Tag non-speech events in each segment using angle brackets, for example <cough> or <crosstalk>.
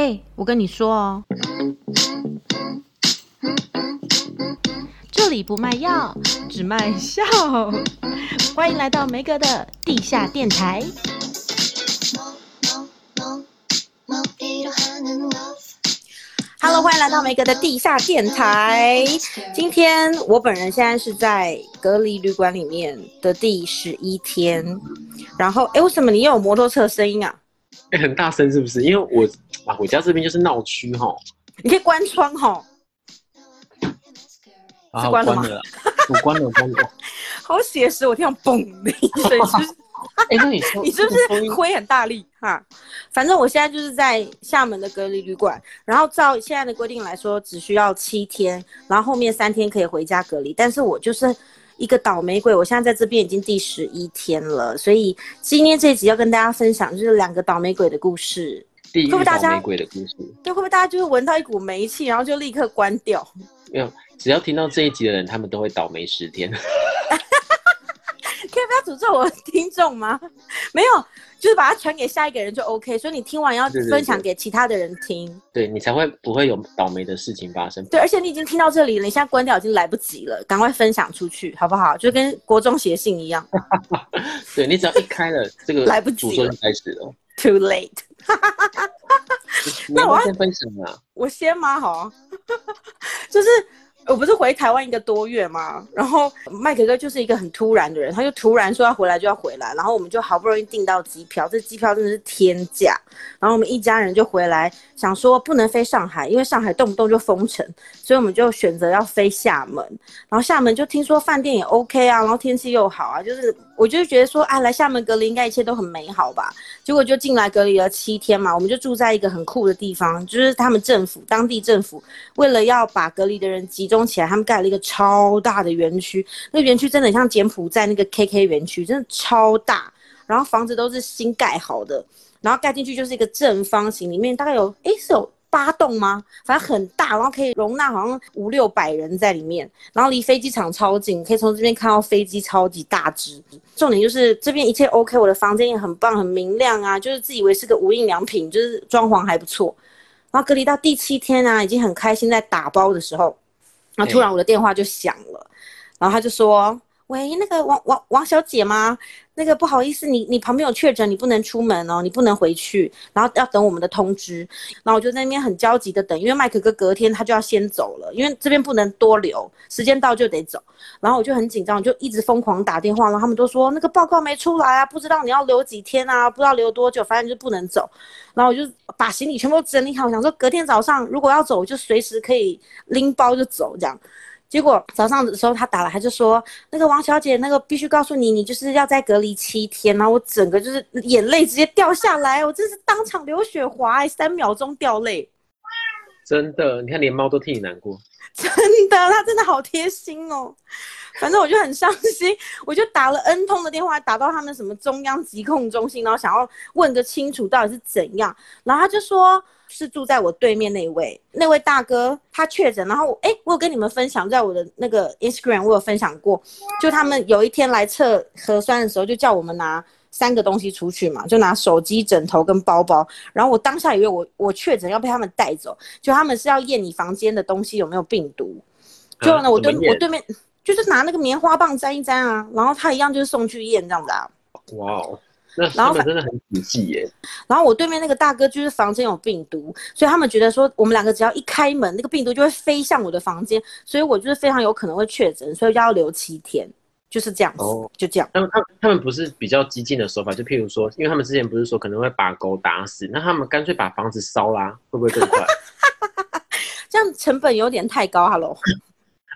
哎，我跟你說哦，這裡不賣藥，只賣笑。 <laughs> 歡迎來到梅格的地下電台。Hello，歡迎來到梅格的地下電台。今天我本人現在是在隔離旅館裡面的第十一天。然後，哎，為什麼你又有摩托車聲音啊？欸、很大聲是不是？因為我啊，我家這邊就是鬧區哈。吼，你可以關窗哈，吼啊、是關了嗎？關了，關了。 <laughs> 好寫實，我聽到嘣的一聲。你是不是灰很大力哈。反正我現在就是在廈門的隔離旅館，然後照現在的規定來說，只需要七天，然後後面三天可以回家隔離，但是我就是，一個倒霉鬼，我現在在這邊已經第十一天了，所以今天這一集要跟大家分享，就是兩個倒霉鬼的故事，第一會不會大家倒霉鬼的故事？對，會不會大家就是聞到一股煤氣，然後就立刻關掉？」沒有，只要聽到這一集的人，他們都會倒霉十天。 <laughs> <laughs> 要不要詛咒我聽眾嗎？沒有，就是把它傳給下一個人就 OK。所以你聽完要分享給其他的人聽，對，對，對，對你才會不會有倒霉的事情發生。對，而且你已經聽到這裡了，你現在關掉已經來不及了，趕快分享出去，好不好？就跟國中寫信一樣。 <laughs> 對，你只要一開了這個詛咒就開始哦 too late。 <laughs> 要要那我先分享啊，我先嗎？哈、啊， <laughs> 就是。我不是回台灣一個多月嗎？然後麥克哥就是一個很突然的人，他就突然說要回來就要回來，然後我們就好不容易訂到機票，這機票真的是天價。然後我們一家人就回來，想說不能飛上海，因為上海動不動就封城，所以我們就選擇要飛廈門。然後廈門就聽說飯店也 OK 啊，然後天氣又好啊，就是我就覺得說，啊，來廈門隔離應該一切都很美好吧？結果就進來隔離了七天嘛，我們就住在一個很酷的地方，就是他們政府，當地政府為了要把隔離的人集集中起來，他們蓋了一個超大的園區，那園區真的像柬埔寨那個 KK 園區，真的超大。然後房子都是新蓋好的，然後蓋進去就是一個正方形，裡面大概有哎、欸、是有八棟嗎？反正很大，然後可以容納好像五六百人在裡面。然後離飛機場超近，可以從這邊看到飛機超級大隻。重點就是這邊一切 OK，我的房間也很棒，很明亮啊，就是自以為是個無印良品，就是裝潢還不錯。然後隔離到第七天啊，已經很開心，在打包的時候。然後突然我的電話就響了，欸、然後他就說。喂，那個王王王小姐嗎？那個不好意思，你你旁邊有確診，你不能出門哦，你不能回去，然後要等我們的通知。然後我就在那邊很焦急的等，因為麥克哥隔天他就要先走了，因為這邊不能多留，時間到就得走。然後我就很緊張，我就一直瘋狂打電話，然後他們都說那個報告沒出來啊，不知道你要留幾天啊，不知道留多久，反正就不能走。然後我就把行李全部整理好，我想說隔天早上如果要走，我就隨時可以拎包就走這樣。結果早上的時候他打了，他就說那個王小姐，那個必須告訴你，你就是要再隔離七天。然後我整個就是眼淚直接掉下來，我真是當場流血滑、欸，三秒鐘掉淚。真的，你看連貓都替你難過。真的，它真的好貼心哦。反正我就很傷心，我就打了 N 通的電話，打到他們什麼中央疾控中心，然後想要問個清楚到底是怎樣。然後他就說。是住在我對面那一位，那位大哥他確診，然後我哎、欸，我有跟你們分享，在我的那個 Instagram 我有分享過，就他們有一天來測核酸的時候，就叫我們拿三個東西出去嘛，就拿手機、枕頭跟包包。然後我當下以為我我確診要被他們帶走，就他們是要驗你房間的東西有沒有病毒。就、啊、呢，我對我對面就是拿那個棉花棒沾一沾啊，然後他一樣就是送去驗這樣子啊。哇哦。欸、然後，然後我對面那個大哥就是房間有病毒，所以他們覺得說我們兩個只要一開門，那個病毒就會飛向我的房間，所以我就是非常有可能會確診，所以要留七天，就是這樣。哦，就這樣。他們、他們、他們不是比較激進的手法，就譬如說，因為他們之前不是說可能會把狗打死，那他們乾脆把房子燒啦、啊，會不會更快？ <laughs> 這樣成本有點太高。Hello。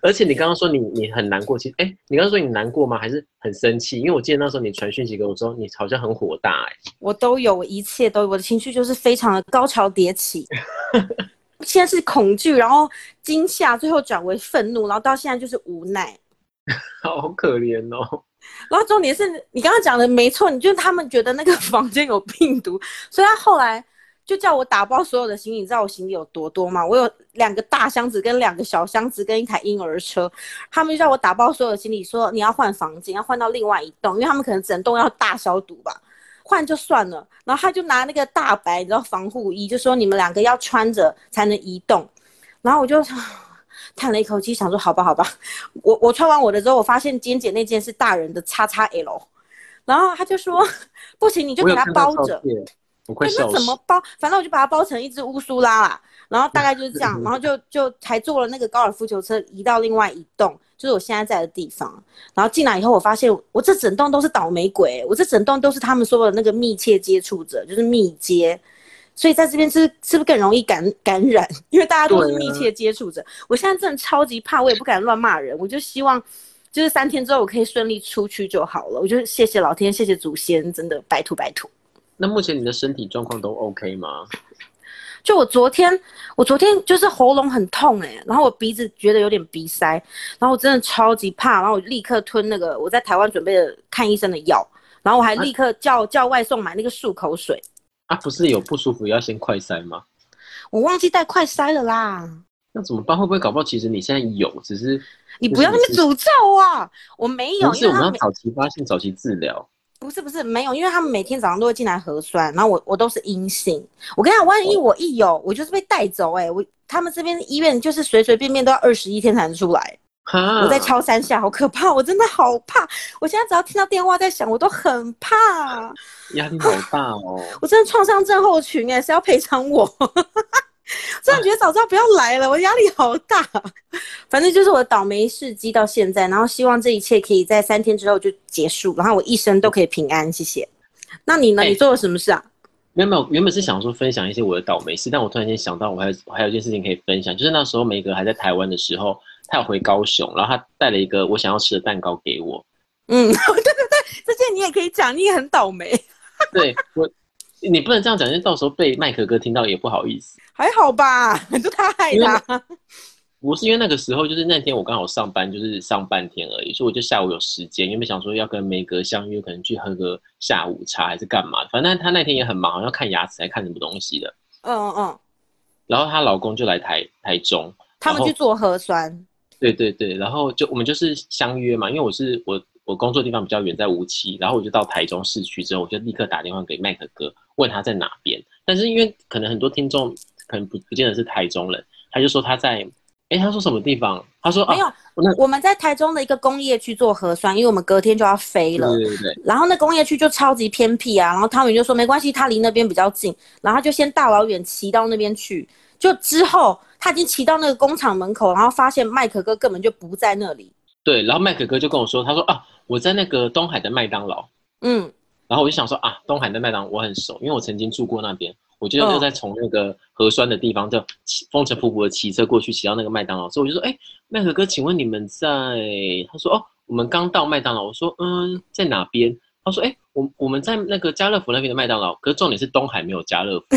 而且你剛剛說你你很難過，其實，哎、欸，你剛剛說你難過嗎？還是很生氣？因為我記得那時候你傳訊息給我說，你好像很火大、欸，我都有，一切都有，我的情緒就是非常的高潮迭起， <laughs> 現在是恐懼，然後驚嚇，最後轉為憤怒，然後到現在就是無奈， <laughs> 好可憐哦。然後重點是你剛剛講的沒錯，你就是他們覺得那個房間有病毒，所以他後來。就叫我打包所有的行李，你知道我行李有多多嗎？我有兩個大箱子，跟兩個小箱子，跟一台嬰兒車。他們就叫我打包所有的行李，說你要換房間，要換到另外一棟，因為他們可能整棟要大消毒吧。換就算了，然後他就拿那個大白，你知道防護衣，就說你們兩個要穿着才能移動。然後我就、呃、嘆了一口氣，想說好吧好，好吧，我我穿完我的之後，我發現金姐那件是大人的 XXL，然後他就說不行，你就給他包着。不會，那怎麼包？反正我就把它包成一隻烏蘇拉啦，然後大概就是這樣，嗯、然後就就才坐了那個高爾夫球車，移到另外一棟，就是我現在在的地方。然後進來以後，我發現我這整棟都是倒霉鬼、欸，我這整棟都是他們說的那個密切接觸者，就是密接，所以在這邊是是不是更容易感感染？因為大家都是密切接觸者。啊、我現在真的超級怕，我也不敢亂罵人，我就希望就是三天之後我可以順利出去就好了。我就謝謝老天，謝謝祖先，真的拜托拜托。白土白土那目前你的身體狀況都 OK 嗎？就我昨天，我昨天就是喉嚨很痛哎，欸，然後我鼻子覺得有點鼻塞，然後我真的超級怕，然後我立刻吞那個我在台灣準備的看醫生的藥，然後我還立刻叫、啊、叫外送買那個漱口水。啊，不是有不舒服要先快塞嗎？我忘記帶快塞了啦。那怎麼辦？會不會搞不好其實你現在有，只是你不要那麼詛咒啊，是我沒有。但是我們要早期發現，早期治療。不是不是沒有，因為他們每天早上都會進來核酸，然後我我都是陰性。我跟你講，萬一我一有，哦、我就是被帶走哎、欸！我他們這邊醫院就是隨隨便便都要二十一天才能出來。哈我在敲三下，好可怕！我真的好怕，我現在只要聽到電話在響，我都很怕。壓力好大哦！我真的創傷症候群哎、欸，誰要賠償我。 <laughs> 真的覺得早知道不要來了，啊、我壓力好大。反正就是我的倒霉事蹟到現在，然後希望這一切可以在三天之後就結束，然後我一生都可以平安。謝謝。那你呢？欸、你做了什麼事啊？沒有沒有，原本是想說分享一些我的倒霉事，但我突然間想到我還我還有一件事情可以分享，就是那時候梅格還在台灣的時候，他有回高雄，然後他帶了一個我想要吃的蛋糕給我。嗯，對對對，這件你也可以講，你也很倒霉。對我。 <laughs> 你不能這樣講，就到時候被麥可哥聽到也不好意思。還好吧，就他害的。我是因為那個時候，就是那天我剛好上班，就是上半天而已，所以我就下午有時間，因為想說要跟梅格相約，可能去喝個下午茶還是幹嘛。反正她那天也很忙，好像要看牙齒，還看什麼東西的。嗯嗯嗯。然後她老公就來台台中，他們去做核酸。對對對，然後就我們就是相約嘛，因為我是我。我工作地方比較遠，在無錫，然後我就到台中市區之後，我就立刻打電話給麥克哥，問他在哪邊。但是因為可能很多聽眾可能不不見得是台中人，他就說他在，哎、欸，他說什麼地方？他說、啊、沒有，那我們在台中的一個工業區做核酸，因為我們隔天就要飛了。對，對對對。然後那工業區就超級偏僻啊，然後湯圓就說沒關係，他離那邊比較近，然後就先大老遠騎到那邊去。就之後他已經騎到那個工廠門口，然後發現麥克哥根本就不在那裡。對，然後麥可哥就跟我說，他說啊，我在那個東海的麥當勞，嗯，然後我就想說啊，東海的麥當勞我很熟，因為我曾經住過那邊，我記得就在從那個核酸的地方就風塵僕僕的騎車過去，騎到那個麥當勞，所以我就說，哎、欸，麥可哥，請問你們在？他說哦，我們剛到麥當勞，我說嗯，在哪邊？他說哎、欸，我我們在那個家樂福那邊的麥當勞，可是重點是東海沒有家樂福，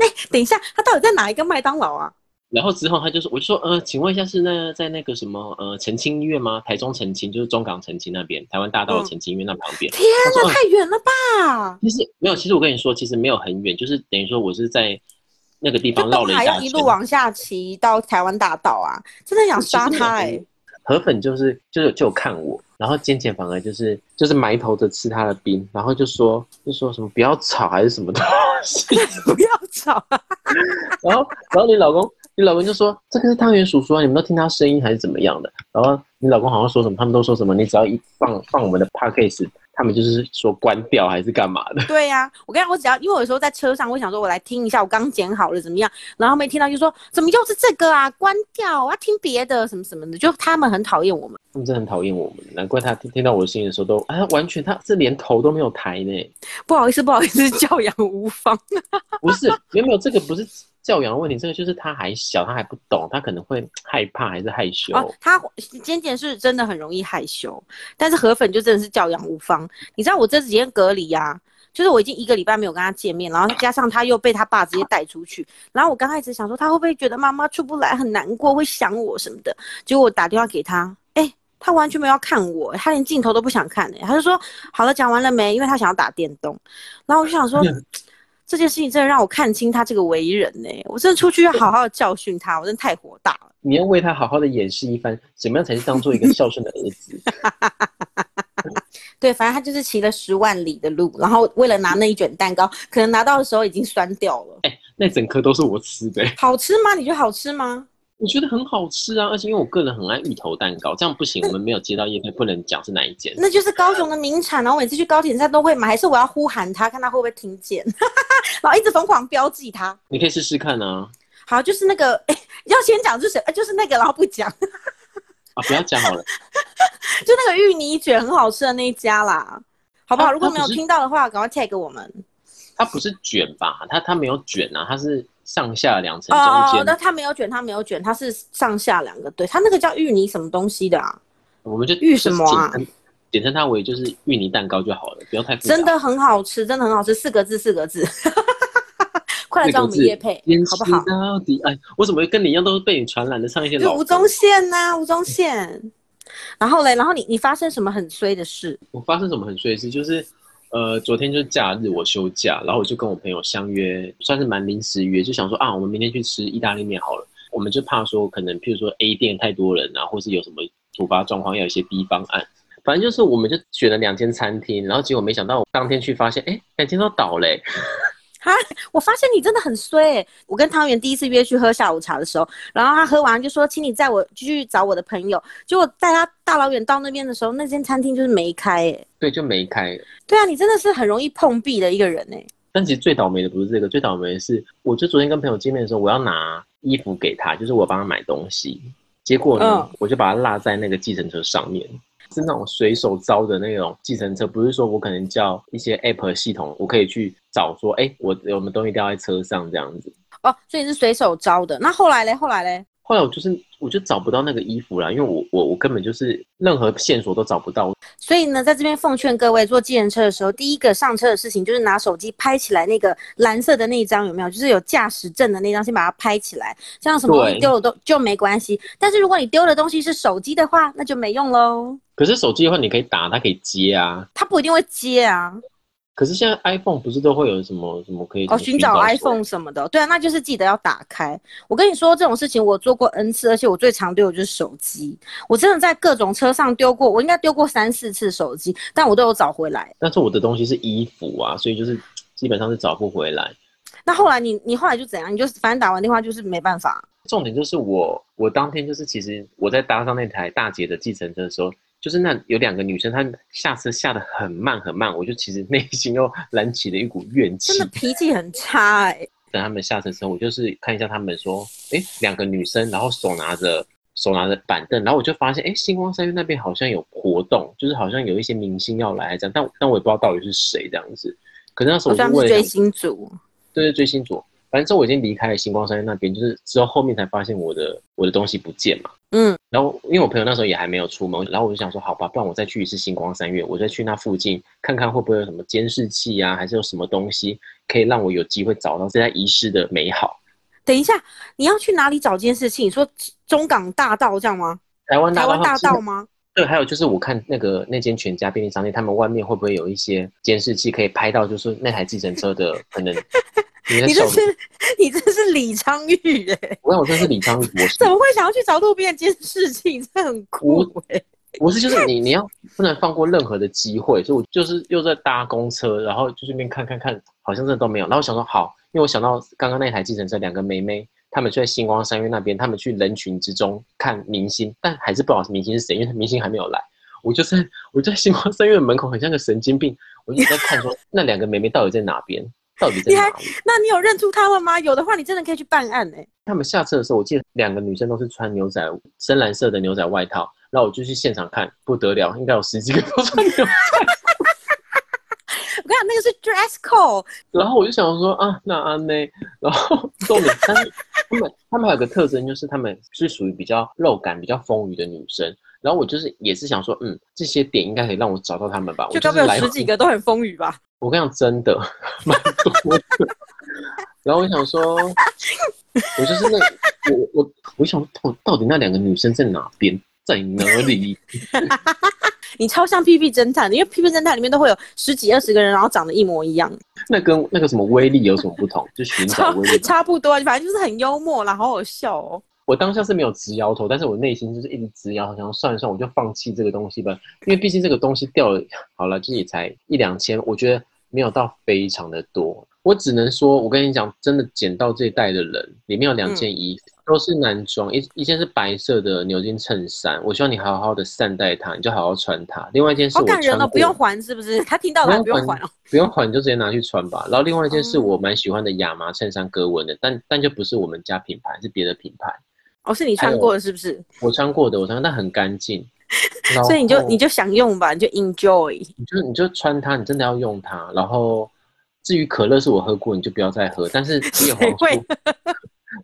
哎、 <laughs> 欸，等一下，他到底在哪一個麥當勞啊？然後之後他就說，我說，呃，請問一下是那在那個什麼呃澄清醫院嗎？台中澄清就是中港澄清那邊，台灣大道澄清醫院那旁邊。天吶，太遠了吧！其實沒有，其實我跟你說，其實沒有很遠，就是等於說我是在那個地方繞了一圈，一路往下騎到台灣大道啊，真的想殺他哎、欸！河粉就是就是就看我，然後尖尖反而就是就是埋頭的吃他的冰，然後就說就說什麼不要吵還是什麼東西， <laughs> <laughs> 不要吵。 <laughs> 然後然後你老公。你老公就說這個是湯圓叔叔啊，你們都聽他聲音還是怎麼樣的？然後你老公好像說什麼，他們都說什麼？你只要一放放我們的 podcast 他們就是說關掉還是幹嘛的？對呀、啊，我跟你講我只要因為我有時候在車上，我想說我來聽一下，我剛剪好了怎麼樣？然後沒聽到就說怎麼又是這個啊？關掉，我、啊、要聽別的什麼什麼的，就他們很討厭我們。他們真的很討厭我們，難怪他聽,聽到我的聲音的時候都啊，完全他是連頭都沒有抬呢。不好意思，不好意思，教養無方。 <laughs> 不是，沒有沒有，這個不是。教養的問題，這個就是他還小，他還不懂，他可能會害怕還是害羞。啊、他尖尖是真的很容易害羞，但是河粉就真的是教養無方。你知道我這幾天隔離呀、啊，就是我已經一個禮拜沒有跟他見面，然後加上他又被他爸直接帶出去，然後我剛開始想說他會不會覺得媽媽出不來很難過，會想我什麼的。結果我打電話給他，哎、欸，他完全沒有看我，他連鏡頭都不想看的、欸，他就說好了講完了沒？因為他想要打電動。然後我就想說。嗯這件事情真的讓我看清他這個為人呢、欸，我真的出去要好好的教訓他， <laughs> 我真的太火大了。你要為他好好的演示一番，怎麼樣才是當做一個孝順的兒子？對，反正他就是騎了十萬里的路，然後為了拿那一卷蛋糕，可能拿到的時候已經酸掉了。哎、欸，那整顆都是我吃的、欸，好吃嗎？你覺得好吃嗎？我覺得很好吃啊，而且因為我個人很愛芋頭蛋糕，這樣不行，我們沒有接到業配， <laughs> 不能講是哪一間。那就是高雄的名產，然後每次去高鐵站都會買，還是我要呼喊他，看他會不會聽見， <laughs> 然後一直瘋狂標記他。你可以試試看啊。好，就是那個、欸、要先講、就是誰、欸，就是那個，然後不講。 <laughs> 啊，不要講好了。 <laughs> 就那個芋泥卷很好吃的那一家啦，好不好？不如果沒有聽到的話，趕快 tag 我們。它不是卷吧？它它沒有卷啊，它是。上下兩層中間，哦，的，它沒有捲，它沒有捲，它是上下兩個，對，它那個叫芋泥什麼東西的啊？我們就芋什麼啊？簡稱它為就是芋泥蛋糕就好了，不要太。真的很好吃，真的很好吃，四個字，四個字， <laughs> 快來找我們業配，好不好到？哎，我怎麼會跟你一樣，都是被你傳染的？唱一些就吳宗憲吶，吳宗憲。 <laughs> 然後嘞，然後你你發生什麼很衰的事？我發生什麼很衰的事就是。呃，昨天就是假日，我休假，然後我就跟我朋友相約，算是蠻臨時約，就想說啊，我們明天去吃意大利麵好了。我們就怕說可能，譬如說 A 店太多人啊，或是有什麼突發狀況，要有一些 B 方案。反正就是，我們就選了兩間餐廳，然後結果沒想到，我當天去發現，哎，兩間都倒嘞、欸。 <laughs> 啊！我發現你真的很衰、欸。我跟湯圓第一次約去喝下午茶的時候，然後他喝完就說，請你載我繼續找我的朋友。結果帶他大老遠到那邊的時候，那間餐廳就是沒開、欸。哎，對，就沒開。對啊，你真的是很容易碰壁的一個人哎、欸。但其實最倒霉的不是這個，最倒霉的是我就昨天跟朋友見面的時候，我要拿衣服給他，就是我幫他買東西，結果呢，哦、我就把它落在那個計程車上面。是那種隨手招的那種計程車，不是說我可能叫一些 app 系統，我可以去找說，哎、欸，我我們東西掉在車上這樣子。哦，所以是隨手招的。那後來嘞？後來嘞？後來我就是，我就找不到那個衣服了，因為我我我根本就是任何線索都找不到。所以呢，在這邊奉勸各位坐計程車的時候，第一個上車的事情就是拿手機拍起來那個藍色的那一張有沒有？就是有駕駛證的那張，先把它拍起來。像什麼東西丟了都對就沒關係，但是如果你丟的東西是手機的話，那就沒用嘍。可是手機的話，你可以打，它可以接啊。它不一定會接啊。可是現在 iPhone 不是都會有什麼什麼可以麼尋找哦，尋找 iPhone 什麼的，對啊，那就是記得要打開。我跟你說這種事情，我做過 N 次，而且我最常丟的就是手機。我真的在各種車上丟過，我應該丟過三四次手機，但我都有找回來。但是我的東西是衣服啊，所以就是基本上是找不回來。那後來你你後來就怎樣？你就反正打完電話就是沒辦法。重點就是我我當天就是其實我在搭上那台大姐的計程車的時候。就是那有兩個女生，她下車下的很慢很慢，我就其實內心又燃起了一股怨氣。真的脾氣很差哎、欸！等他們下車時，我就是看一下他們說，哎、欸，兩個女生，然後手拿着手拿着板凳，然後我就發現，哎、欸，新光三越那邊好像有活動，就是好像有一些明星要來這樣，但但我也不知道到底是誰這樣子。可能那時候我算是追星族，對對,對，追星族。反正之後我已經離開了星光三越那邊，就是之後後面才發現我的我的東西不見嘛。嗯，然後因為我朋友那時候也還沒有出門，然後我就想說，好吧，不然我再去一次星光三越，我再去那附近看看會不會有什麼監視器啊，還是有什麼東西可以讓我有機會找到這台遺失的美好。等一下，你要去哪裡找監視器？你說中港大道這樣嗎？台灣大道，台灣大道嗎？對，還有就是我看那個那間全家便利商店，他們外面會不會有一些監視器可以拍到，就是那台計程車的可能。 <laughs> 你，你這是你這是李昌鈺哎、欸！我好像是李昌鈺博士。怎麼會想要去找路邊的監視器？你這很枯萎、欸。我是就是你，你要不能放過任何的機會，所以我就是又在搭公車，然後就順便看看看，好像真的都沒有。然後我想說好，因為我想到剛剛那台計程車，兩個妹妹，她們就在星光三越那邊，她們去人群之中看明星，但還是不知道明星是誰，因為明星還沒有來。我就是我就在星光三越門口，很像個神經病，我就在看說 <laughs> 那兩個妹妹到底在哪邊。到底在哪裡？那你有認出他們嗎？有的話，你真的可以去辦案哎、欸。他們下車的時候，我記得兩個女生都是穿牛仔深藍色的牛仔外套，然後我就去現場看，不得了，應該有十幾個都穿牛仔。 <laughs> 我跟你講，那個是 dress code。然後我就想說啊，那阿、啊、妹，然後重點， <laughs> 他們他們還有個特徵，就是他們是屬於比較肉感、比較豐腴的女生。然後我就是也是想說，嗯，這些點應該可以讓我找到他們吧？就剛剛有十幾個都很風雨吧？我跟你講，真的 <laughs> 蠻多的。然後我想說， <laughs> 我就是那個、我我我想到到底那兩個女生在哪邊，在哪裡？ <laughs> 你超像 P P 偵探，因為 P P 偵探裡面都會有十幾二十個人，然後長得一模一樣。那跟那個什麼威力有什麼不同？就尋找威力差不多，啊，反正就是很幽默啦，好好笑哦。我當下是沒有直搖頭，但是我內心就是一直直搖頭，想算一算，我就放棄這個東西吧，因為畢竟這個東西掉了，好了，自己才一兩千，我覺得沒有到非常的多。我只能說，我跟你講，真的撿到這一袋的人，裡面有兩件衣服，嗯、都是男裝，一一件是白色的牛津襯衫，我希望你好好的善待它，你就好好穿它。另外一件是我穿、哦、人不用還是不是？他聽到了不用還了、哦，不用還你就直接拿去穿吧。然後另外一件是我蠻喜歡的亞麻襯衫，格紋的，嗯、但但就不是我們家品牌，是別的品牌。我、哦、是你穿過的是不是？我穿過的，我穿過的，但很乾淨。 <laughs> 後所以你就你就想用吧，你就 enjoy。你就你就穿它，你真的要用它。然後至於可樂是我喝過，你就不要再喝。但是葉黃素，會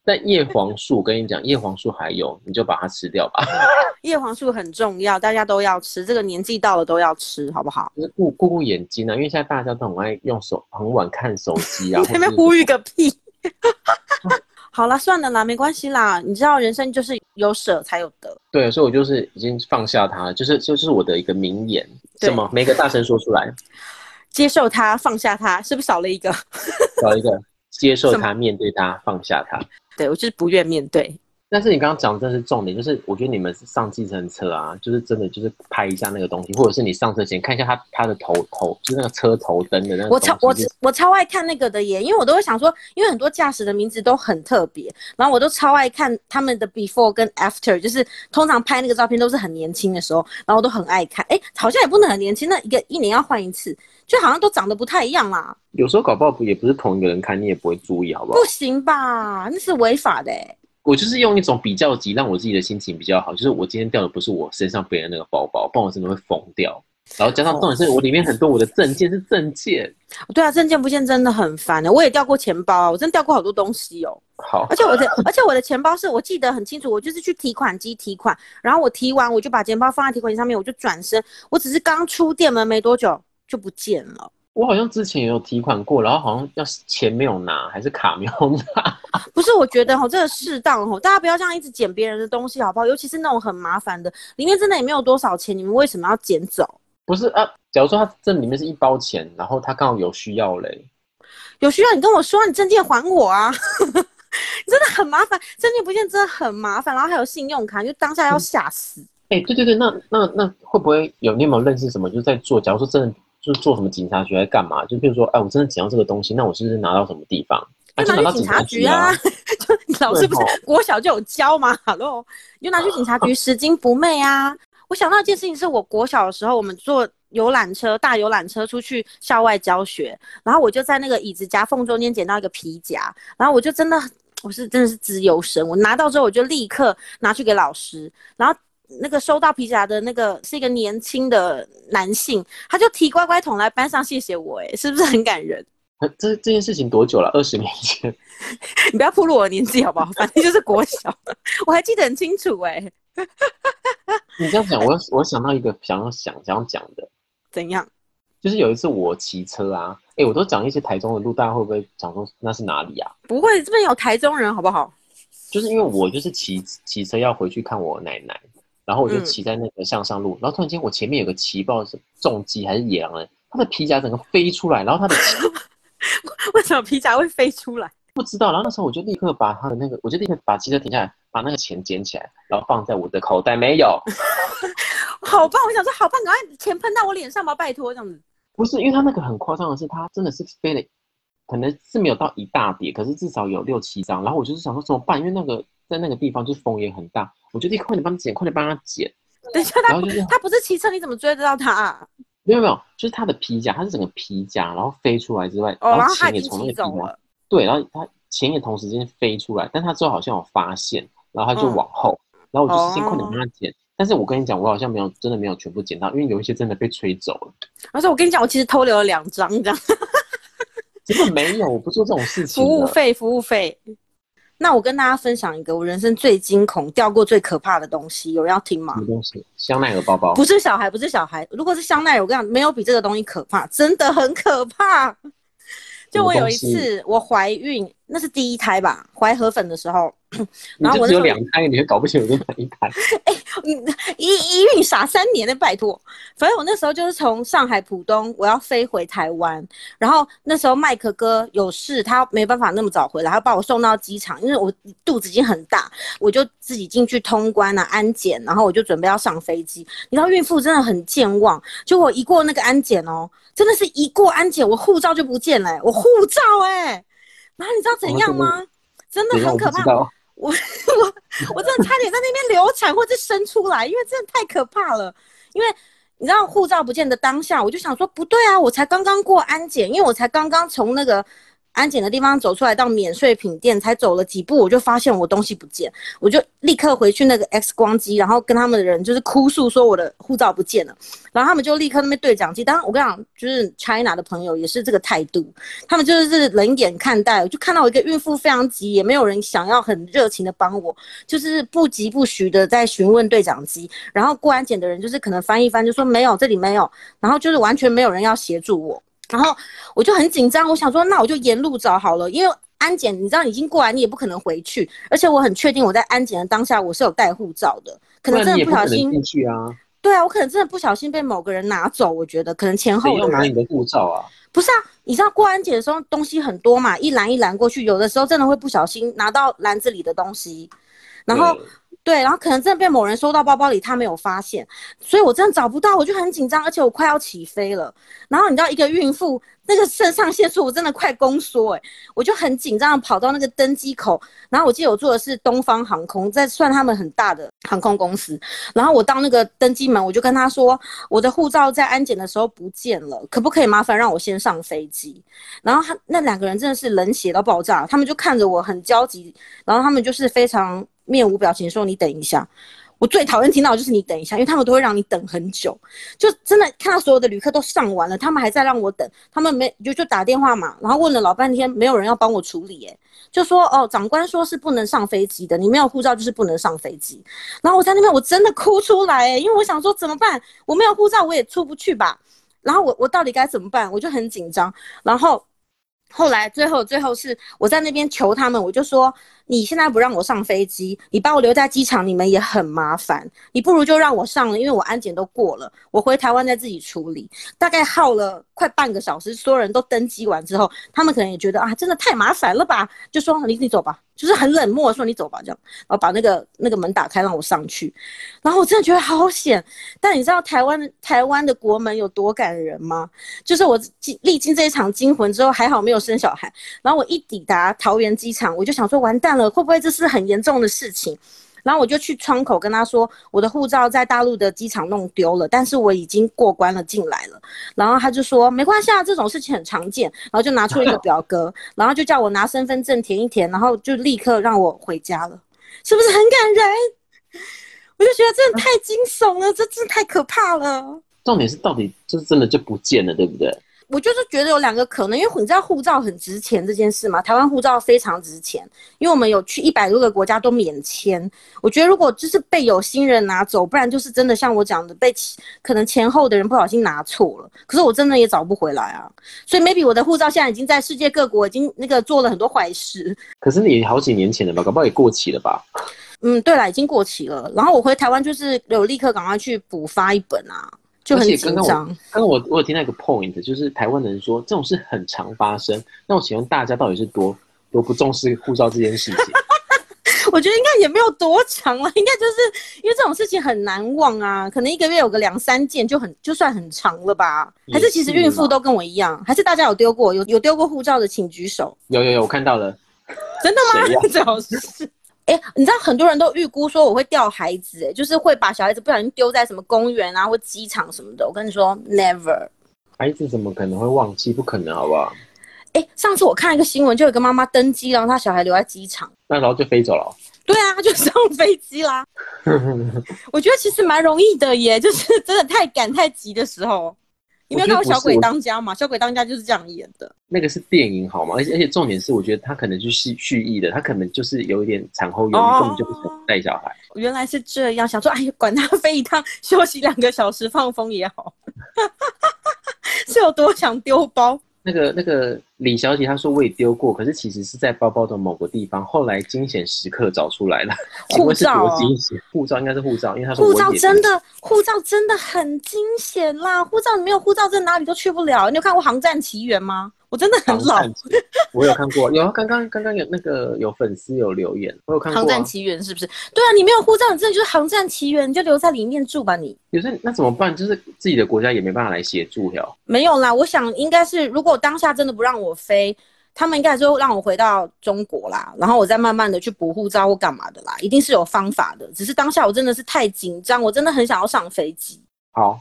但葉黃素，我 <laughs> 跟你講，葉黃素還有，你就把它吃掉吧。 <laughs> 葉黃素很重要，大家都要吃，這個年紀到了都要吃，好不好？顧，顧顧眼睛啊，因為現在大家都很愛用手很晚看手機啊。你前面呼籲個屁！ <laughs> 好啦，算了啦，沒關係啦。你知道，人生就是有捨才有得。對，所以我就是已經放下他了，就是就是我的一個名言，對什麼？每個大聲說出來。接受他，放下他，是不是少了一個？少一個， <laughs> 接受他，面對他，麼放下他。對，我就是不願面對。但是你剛剛講的真是重點，就是我覺得你們上計程車啊，就是真的就是拍一下那個東西，或者是你上車前看一下他他的頭頭，就是那個車頭燈的那種。我超我我超愛看那個的耶，因為我都會想說，因為很多駕駛的名字都很特別，然後我都超愛看他們的 before 跟 after，就是通常拍那個照片都是很年輕的時候，然後我都很愛看。哎、欸，好像也不能很年輕，那一個一年要換一次，就好像都長得不太一樣啦。有時候搞不好也不是同一個人看，你也不會注意好不好？不行吧，那是違法的耶。我就是用一種比較級，讓我自己的心情比較好。就是我今天掉的不是我身上背的那個包包，不然我真的會瘋掉。然後加上重點是，oh. 我裡面很多我的證件是證件，對啊，證件不見真的很煩呢。我也掉過錢包啊，我真掉過好多東西哦、喔。好，而且我的，而且我的錢包是我記得很清楚，我就是去提款機提款，然後我提完我就把錢包放在提款機上面，我就轉身，我只是剛出店門沒多久就不見了。我好像之前也有提款過，然後好像要錢沒有拿，還是卡沒有拿？不是，我覺得哈，這個適當哈，大家不要這樣一直撿別人的東西，好不好？尤其是那種很麻煩的，裡面真的也沒有多少錢，你們為什麼要撿走？不是啊，假如說他這裡面是一包錢，然後他剛好有需要嘞，有需要你跟我說，你證件還我啊，呵呵真的很麻煩，證件不見真的很麻煩，然後還有信用卡，就當下要嚇死。哎、嗯欸，對對對，那那那會不會有？你有沒有認識什麼就在做？假如說真的。就做什麼警察局來幹嘛？就比如說，哎，我真的撿到這個東西，那我是不是拿到什麼地方？就拿去警察局啊！老師不是國小就有教嘛，哈嘍、哦，就拿去警察局拾金不昧啊！ <laughs> 我想到一件事情是，我國小的時候，我們坐遊覽車、大遊覽車出去校外教學，然後我就在那個椅子夾縫中間撿到一個皮夾，然後我就真的，我是真的是自由神，我拿到之後我就立刻拿去給老師，然後。那個收到皮夾的那個是一個年輕的男性，他就提乖乖桶來班上謝謝我、欸，哎，是不是很感人？這這件事情多久了？二十年前？ <laughs> 你不要暴露我的年紀好不好？反正就是國小， <laughs> <laughs> 我還記得很清楚哎、欸。 <laughs> 你這樣講，我我想到一個想,想要想想要講的，怎樣？就是有一次我騎車啊，哎、欸，我都講一些台中的路，大家會不會想說那是哪裡啊？不會，這邊有台中人好不好？就是因為我就是騎騎車要回去看我奶奶。然後我就騎在那個向上路，嗯、然後突然間我前面有個騎豹是重機還是野狼呢，他的皮夾整個飛出來，然後他的 <laughs> 為什麼皮夾會飛出來？不知道。然後那時候我就立刻把他的那個，我就立刻把機車停下來，把那個錢撿起來，然後放在我的口袋。沒有， <laughs> 好棒！我想說好棒，趕快錢噴到我臉上吧，拜托這樣子。不是，因為他那個很誇張的是，他真的是飛了，可能是沒有到一大疊，可是至少有六七張。然後我就是想說怎麼辦，因為那個。在那個地方，就是風也很大。我覺得你快點幫他撿，快點幫他撿。等一下，就是、他不他不是騎車，你怎麼追得到他、啊？沒有沒有，就是他的皮夾，他是整個皮夾，然後飛出來之外，哦、然後錢也從那個地方。對，然後他錢也同時間飛出來，嗯、但他之後好像有發現，然後他就往後，然後我就先快點幫他撿。哦啊、但是我跟你講，我好像沒有真的沒有全部撿到，因為有一些真的被吹走了。而說、啊、我跟你講，我其實偷留了兩張，張，這樣。根本沒有，我不做這種事情。服務費，服務費。那我跟大家分享一個我人生最驚恐掉過最可怕的東西，有人要聽嗎？什麼東西？香奈兒包包，不是小孩，不是小孩。如果是香奈兒，我跟你講，沒有比這個東西可怕，真的很可怕。就我有一次，我懷孕，那是第一胎吧，懷河粉的時候。 <laughs> 然後我你就只有兩胎，你還搞不清我多滿一胎？哎、欸，一一孕傻三年的，拜托！反正我那時候就是從上海浦東，我要飛回台灣。然後那時候麥克哥有事，他沒辦法那麼早回來，他把我送到機場，因為我肚子已經很大，我就自己進去通關啊安檢，然後我就準備要上飛機。你知道孕婦真的很健忘，就我一過那個安檢哦、喔，真的是一過安檢，我護照就不見了、欸，我護照哎、欸！然後你知道怎樣嗎？啊、真的，真的很可怕。我我 <laughs> 我真的差點在那邊流產或者生出來，因為真的太可怕了。因為你知道護照不見的當下，我就想說不對啊，我才剛剛過安檢，因為我才剛剛從那個，安檢的地方走出來，到免稅品店才走了幾步，我就發現我東西不見，我就立刻回去那個 X 光機，然後跟他們的人就是哭訴說我的護照不見了，然後他們就立刻那邊對講機，當然我跟你講，就是 China 的朋友也是這個態度，他們就是冷眼看待，就看到我一個孕婦非常急，也沒有人想要很熱情的幫我，就是不疾不徐的在詢問對講機，然後過安檢的人就是可能翻一翻就說沒有，這裡沒有，然後就是完全沒有人要協助我。然後我就很緊張，我想說，那我就沿路找好了。因為安檢，你知道你已經過完你也不可能回去。而且我很確定，我在安檢的當下我是有帶護照的。可能真的不小心不啊？對啊，我可能真的不小心被某個人拿走。我覺得可能前後的人拿你的護照啊？不是啊，你知道過安檢的時候東西很多嘛，一籃一籃過去，有的時候真的會不小心拿到籃子裡的東西，然後。對，然後可能真的被某人收到包包裡，他沒有發現，所以我真的找不到，我就很緊張，而且我快要起飛了。然後你知道，一個孕婦那個腎上腺素，我真的快宮縮誒、欸，我就很緊張，跑到那個登機口。然後我記得我坐的是東方航空，在算他們很大的航空公司。然後我到那個登機門，我就跟他說，我的護照在安檢的時候不見了，可不可以麻煩讓我先上飛機？然後他那兩個人真的是冷血到爆炸，他們就看着我很焦急，然後他們就是非常。面無表情說：“你等一下。”我最討厭聽到的就是“你等一下”，因為他們都會讓你等很久。就真的看到所有的旅客都上完了，他們還在讓我等。他們沒就就打電話嘛，然後問了老半天，沒有人要幫我處理欸。哎，就說：“哦，長官說是不能上飛機的，你沒有護照就是不能上飛機。”然後我在那邊我真的哭出來欸，因為我想說怎麼辦？我沒有護照，我也出不去吧？然後我我到底該怎麼辦？我就很緊張。然後後來最後最後是我在那邊求他們，我就說。你現在不讓我上飛機，你把我留在機場，你們也很麻煩。你不如就讓我上了，因為我安檢都過了，我回台灣再自己處理。大概耗了快半個小時，所有人都登機完之後，他們可能也覺得啊，真的太麻煩了吧，就說你你走吧，就是很冷漠，說你走吧這樣，然後把那個那個門打開讓我上去，然後我真的覺得好險。但你知道台灣台灣的國門有多感人嗎？就是我經歷經這一場驚魂之後，還好沒有生小孩。然後我一抵達桃園機場，我就想說完蛋了。會不會這是很嚴重的事情？然後我就去窗口跟他說，我的護照在大陸的機場弄丟了，但是我已經過關了進來了。然後他就說沒關係啊，這種事情很常見。然後就拿出一個表格， <laughs> 然後就叫我拿身份證填一填，然後就立刻讓我回家了。是不是很感人？我就覺得真的太驚悚了， <laughs> 這真的太可怕了。重點是到底就是真的就不見了，對不對？我就是覺得有兩個可能，因為你知道護照很值錢這件事嘛，台灣護照非常值錢，因為我們有去一百多個國家都免簽。我覺得如果就是被有心人拿走，不然就是真的像我講的被可能前後的人不小心拿錯了。可是我真的也找不回來啊，所以 maybe 我的護照現在已經在世界各國已經那個做了很多壞事。可是你好幾年前的吧，搞不好也過期了吧？嗯，對啦，已經過期了。然後我回台灣就是有立刻趕快去補發一本啊。就很而且剛我，剛剛我，我有聽到一個 point，就是台灣的人說這種事很常發生。那我請問大家到底是多多不重視護照這件事？情？ <laughs> 我覺得應該也沒有多長了，應該就是因為這種事情很難忘啊，可能一個月有個兩三件就很就算很長了吧？是還是其實孕婦都跟我一樣？還是大家有丟過有有丟過護照的請舉手？有有有，我看到了。 <laughs> 真的嗎？最好是。樣 <laughs> 哎、欸，你知道很多人都預估說我會掉孩子、欸，哎，就是會把小孩子不小心丟在什麼公園啊或機場什麼的。我跟你說，never，孩子怎麼可能會忘記？不可能，好不好？哎、欸，上次我看一個新聞，就有一個媽媽登機，然後她小孩留在機場，那然後就飛走了、哦。對啊，就是上飛機啦。 <laughs> <laughs> 我覺得其實蠻容易的耶，就是真的太趕太急的時候。不因為那個《小鬼當家》嘛，《小鬼當家》就是這樣演的。那個是電影，好嗎？而且而且，重點是，我覺得他可能就是蓄意的，他可能就是有一點產後憂鬱，就不想帶小孩。Oh, 原來是這樣，想說，哎呀，管他飛一趟，休息兩個小時，放風也好， <laughs> 是有多想丟包？那個那個李小姐她說，我也丟過，可是其實是在包包的某個地方，後來驚險時刻找出來了。護照、哦啊、多驚險！護照應該是護照，因為她說。說護照。真的護照真的很驚險啦！護照你沒有護照在哪裡都去不了。你有看過《航站奇緣》嗎？我真的很老。 <laughs> 我有看過，有剛剛剛剛有那個有粉絲有留言，我有看過啊。航站奇緣是不是？對啊，你沒有護照，你真的就是航站奇緣，你就留在裡面住吧。你有時候那怎麼辦？就是自己的國家也沒辦法來協助呀。沒有啦，我想應該是，如果當下真的不讓我飛，他們應該就讓我回到中國啦，然後我再慢慢的去補護照或幹嘛的啦，一定是有方法的。只是當下我真的是太緊張，我真的很想要上飛機。好，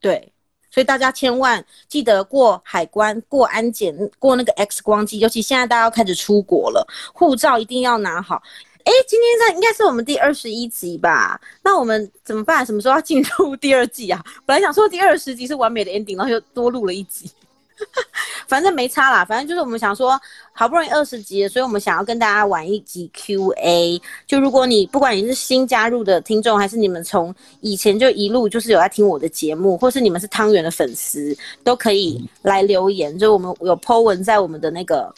對。所以大家千萬記得過海關、過安檢、過那個 X 光機，尤其現在大家要開始出國了，護照一定要拿好。哎、欸，今天這應該是我們第二十一集吧？那我們怎麼辦？什麼時候要進入第二季啊？本來想說第二十集是完美的 ending，然後又多錄了一集。 <laughs> 反正沒差啦，反正就是我們想說，好不容易二十集了，所以我們想要跟大家玩一集 Q A。就如果你不管你是新加入的聽眾，還是你們從以前就一路就是有在聽我的節目，或是你們是湯圓的粉絲，都可以來留言。就我們有 Po 文在我們的那個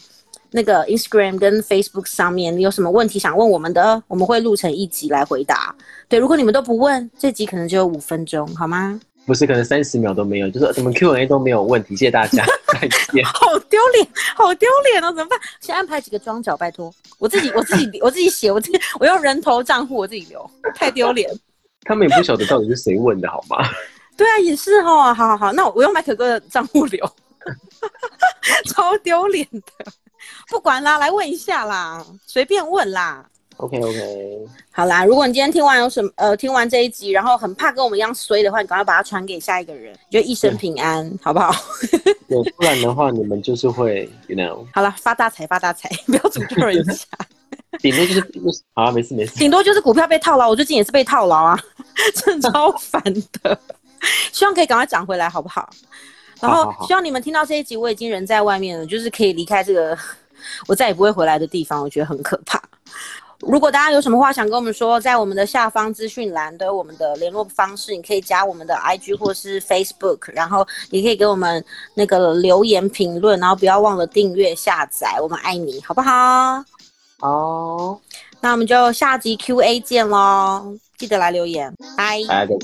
那個 Instagram 跟 Facebook 上面，你有什麼問題想問我們的，我們會錄成一集來回答。對，如果你們都不問，這集可能只有五分鐘，好嗎？不是，可能三十秒都沒有，就是什麼 Q&A 都沒有問題，謝謝大家，再見。 <laughs> 好丟臉，好丟臉啊！怎麼辦？先安排幾個樁腳，拜託。我自己，我自己，我自己寫，我自己，我用人頭賬戶，我自己留。太丟臉。他們也不曉得到底是誰問的，好嗎？ <laughs> 對啊，也是哦，好好好，那我我用麥可哥的賬戶留。 <laughs> 超丟臉的，不管啦，來問一下啦，隨便問啦。OK OK，好啦，如果你今天聽完有什麼呃聽完這一集，然後很怕跟我們一樣衰的話，你趕快把它傳給下一個人，就一生平安，對好不好？有不然的話，你們就是會，you know。好啦，發大財發大財，不要詛咒人家。家下。頂多就是，頂多就是，啊，沒事沒事。頂多就是股票被套牢，我最近也是被套牢啊，真的超煩的。 <laughs> 希望可以趕快漲回來，好不好？然後好好好希望你們聽到這一集，我已經人在外面了，就是可以離開這個我再也不會回來的地方，我覺得很可怕。如果大家有什麼話想跟我們說，在我們的下方資訊欄都有我們的聯絡方式，你可以加我們的 IG 或是 Facebook，然後也可以給我們那個留言評論，然後不要忘了訂閱下載，我們愛你，好不好？哦好，那我們就下集 QA 見嘍，記得來留言，拜拜，再見。